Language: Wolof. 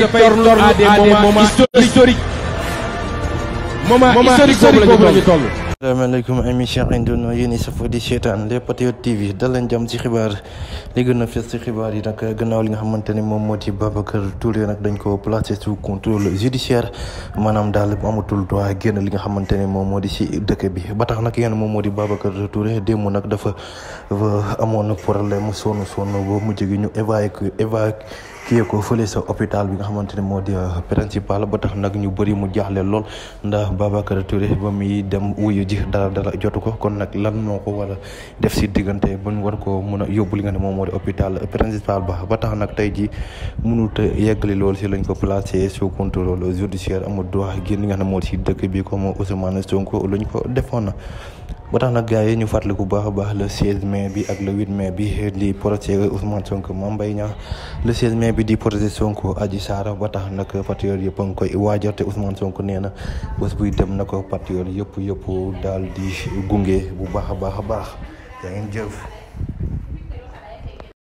dafay torlu à des moments historiques moment historique boobu la ñu toll. asalaamaaleykum ami cher indona yéen i di seetaan les patriotes tv dal leen jàmm xibaar li gën a fës ci xibaar yi nag gannaaw li nga xamante ni moom moo ci Babacar Touré nag dañ ko placé sous contrôle judiciaire maanaam daal amatul droit génn li nga xamante ni moom moo di si dëkk bi ba tax nag yéen moom moo di Babacar Touré démb nag dafa amoon problème sonn sonn ba mujj gi ñu évacué évacué kiyee ko fële sa hôpital bi nga xamante ne moo di euh, principal ba tax nag ñu bari mu jaaxle lool ndax Babacar Touré ba muy dem wuyu ji dara dara jotu ko kon nag lan moo ko war def si diggante ba ñu war ko mun a yóbbu li nga ne moom moo di hôpital principal ba ba tax nag tey ji mënut a yeggali lool si lañ ko placé sous contrôle judiciaire amul droit génn nga xam ne moo si dëkk bi comme Ousmane Sonko luñ ko defoon na ba tax nag gars yi ñu fàttali bu baax a baax le 16 mai bi ak le 8 mai bi di protéger Ousmane Sonko Mame Mbaye Niang le 16 mais bi di protéger sonk Adji Sarr ba tax nag patriote yëpp a ngi koy waajal te Ousmane Sonko nee na bés buy dem na ko patriote yëpp yëpp daal di gunge bu baax a baax a baax yaa ngeen